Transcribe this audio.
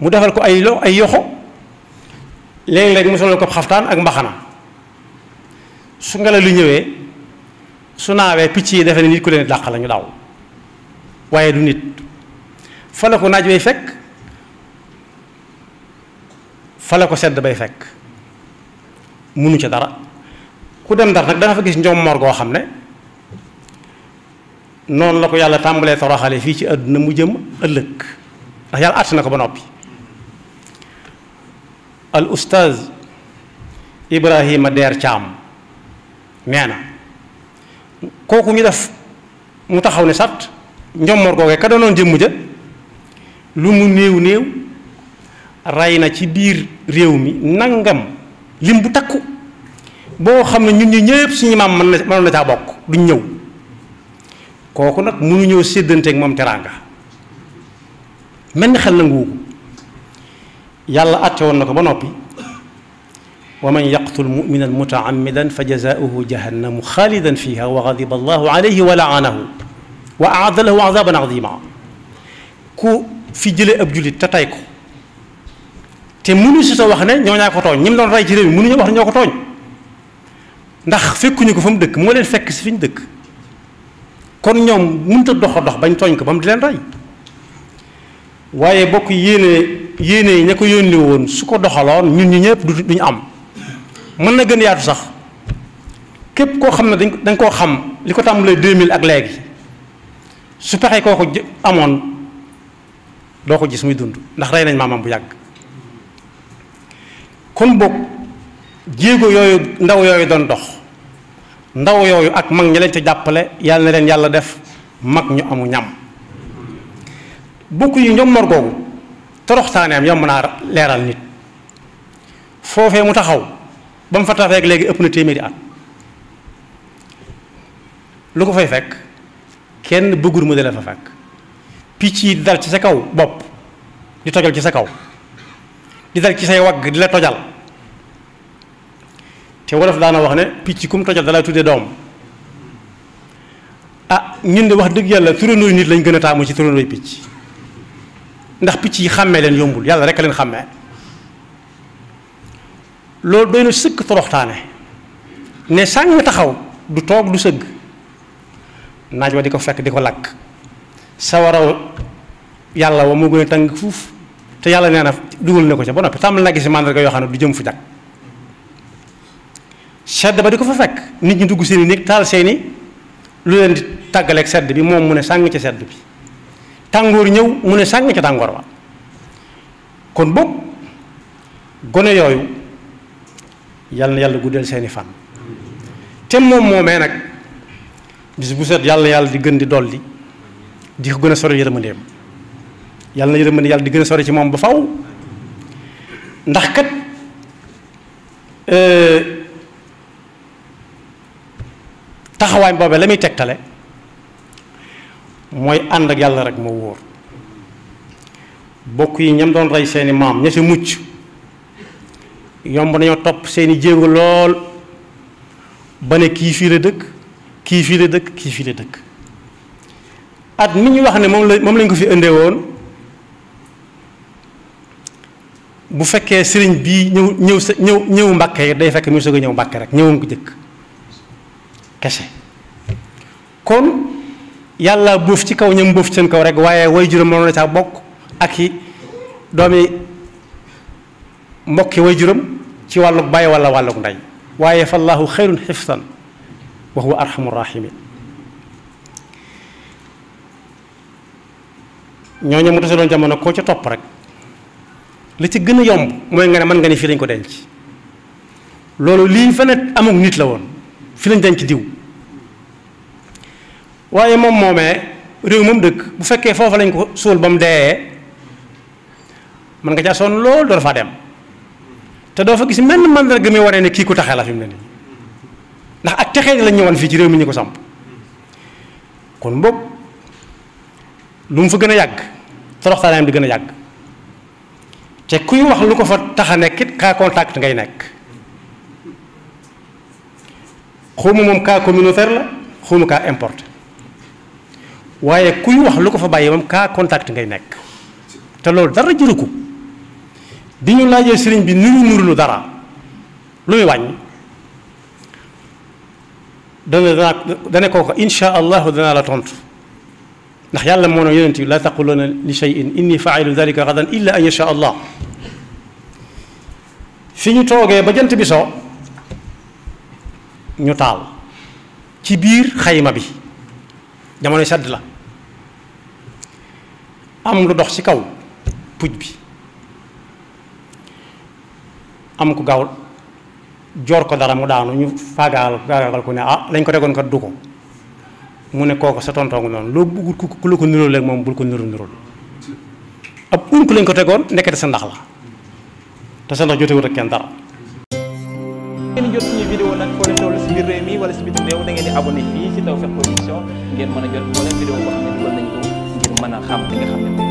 mu defal ko ay lo ay yoxo léeg-léeg mu solal ko xaftaan ak mbaxana su ngelaw lu ñëwee su naawee picc yi defe ne nit ku leen dàq la daw waaye du nit fa la ko naaj bay fekk fa la ko sedd bay fekk munu ca dara ku dem ndar nag danga fa gis njommor goo xam ne noonu la ko yàlla tàmbalee toroxale fii ci àdduna mu jëm ëllëg ndax yàlla àtt na ko ba noppi al oustaz Ibrahima Deer Caam nee na kooku ñu def mu taxaw ne sart njommoor googee ka doonoon jëmm ja lu mu néew néew rey na ci biir réew mi nangam lim bu takku boo xam ne ñun ñu ñëpp suñu maam mën na mënoon na caa bokk duñ ñëw kooku nag mu mënu ñëw seddanteek moom teraanga mel ni xel nanguwu yàlla àtte woon na ko ba noppi wa man yaqtul muminan mutaamidan fa jazaauhu jahannamu xaalidan fiha wa gadiba allahu alayhi wa laanahu wa aada lahu azaban azima ku fi jëlee ab jullit te tay ko si sa wax ne ñoo ñaa ko tooñ ñi mu doon rey ci réew mi mënuñu ko fa mu dëkk moo fekk si fi ñu ñoom mënut a dox bañ tooñ ko ba mu di waaye bokk yéene yéene yi ña ko yónni woon su ko doxaloon ñun ñi ñëpp du duñu am mën na gën yaatu sax képp koo xam ne dañ dañ koo xam li ko tàmbalee 2000 ak léegi su pexe koo ko amoon doo ko ji muy dund ndax rey nañ maamam bu yàgg kon boog jéego yooyu ndaw yooyu doon dox ndaw yooyu ak mag ña leen ca jàppale yàlla na leen yàlla def mag ñu amu ñam bokk yu ñoom mor toroxtaaneem yomb naa leeral nit foofee mu taxaw ba mu fa taxaweek léegi ëpp na téeméeri at lu ko fay fekk kenn bëggul mu dale fa fekk picc yi di dal ci sa kaw bopp di tojal ci sa kaw di dal ci say wagg di la tojal te wolof daana wax ne picc kum tojal dalay tudde doom ah ñu de wax dëgg yàlla turandooy nit lañ gën a taamu ci turandooy picc ndax picc yi xàmmee leen yombul yàlla rek a leen xàmmee loolu doy na sëkk toroxtaane ne sàng taxaw du toog du sëgg naaj wa di ko fekk di ko lakk sawaraw yàlla wa moo gën a tàng fuuf te yàlla nee na dugal na ko ca ba noppi tàmbali na gis màndarga yoo xam ne du jëm fu jag sedd ba di ko fa fekk nit ñi dugg seeni néeg taal seeni lu leen di tàggaleeg sedd bi moom mu ne sàng ci sedd bi tàngoor ñëw mu ne sàng ca tàngoor wa kon boog gone yooyu yàlla na yàlla guddal seeni fan te moom moomee nag bis bu set yàlla yàlla di gën di dolli di ko gën a sore yërmandeem yàlla na yërmande yàlla di gën a sore ci moom ba faw ndax kat euh, taxawaay boobee la muy tegtale mooy ànd ak yàlla rek moo wóor bokk yi ñam doon rey seeni maam ña si mucc yomb nañoo topp seeni jéego lool ba ne kii fii la dëkk kii fii la dëkk kii fii dëkk at mi ñu wax ne moom la moom lañ ko fi indee woon bu fekkee sëriñ bii ñëw ñëw sa ñëw ñëw mbàkke yi day fekk muy soog a ñëw mbàkke rek ñëwam ko jëkk kese kon yàlla buuf ci kaw ñam buuf seen kaw rek waaye way juróom mënoon na caa bokk ak i doomi mbokki way juróom ci wàllug bàyyi wala wàllug ndey waaye fa llaahu xayrun xifsan wa huwa arhamu rahimin ñooñu mu tase doon jamono koo ci topp rek li ci gën a yomb mooy nga ne mën nga ni fii lañ ko denc loolu lii fa ne amuk nit la woon fi lañ denc diw waaye moom moomee réew moom dëkk bu fekkee foofu lañ ko sool ba mu dee mën nga caa sonn lool doo faa dem te doo fa gis menn gën a waree ne kii ko taxee la fi mu ne nii ndax ak texee lañ ñëwoon fii ci réew mi ñu ko samp kon boog lu mu fa gën a yàgg toroxtaanam di gën a yàgg te kuy wax lu ko fa tax a nekk it cas contact ngay nekk xawma moom cas communautaire la xawma kaa importe waaye kuy wax lu ko fa bàyyi moom cas contact ngay nekk te loolu dara jëru ko bi ñu laajee sëriñ bi nuru nuru lu dara lu muy wàññi dana dana dana kooka insha allahu danaa la tontu ndax yàlla moo ne yonent bi laa taquluna li shay'in inni faailu dalika gadan illa an yasha allah fi ñu toogee ba jant bi so ñu taal ci biir xayma bi jamono sedd la am lu dox ci kaw puj bi am ku gaaw joor ko dara mu daanu ñu faagaal faagaagal ko ne ah lañ ko tegoon ko du ko mu ne kooku sa tontongu noonu loo bëggul ku la ko niróol ak moom bul ko niróol niróol ab unku lañ ko tegoon nekkati sa ndax la te sa ndax jotewut ak kenn dara ngeen jot suñu vidéo nag a jot mën a xam nga xam ne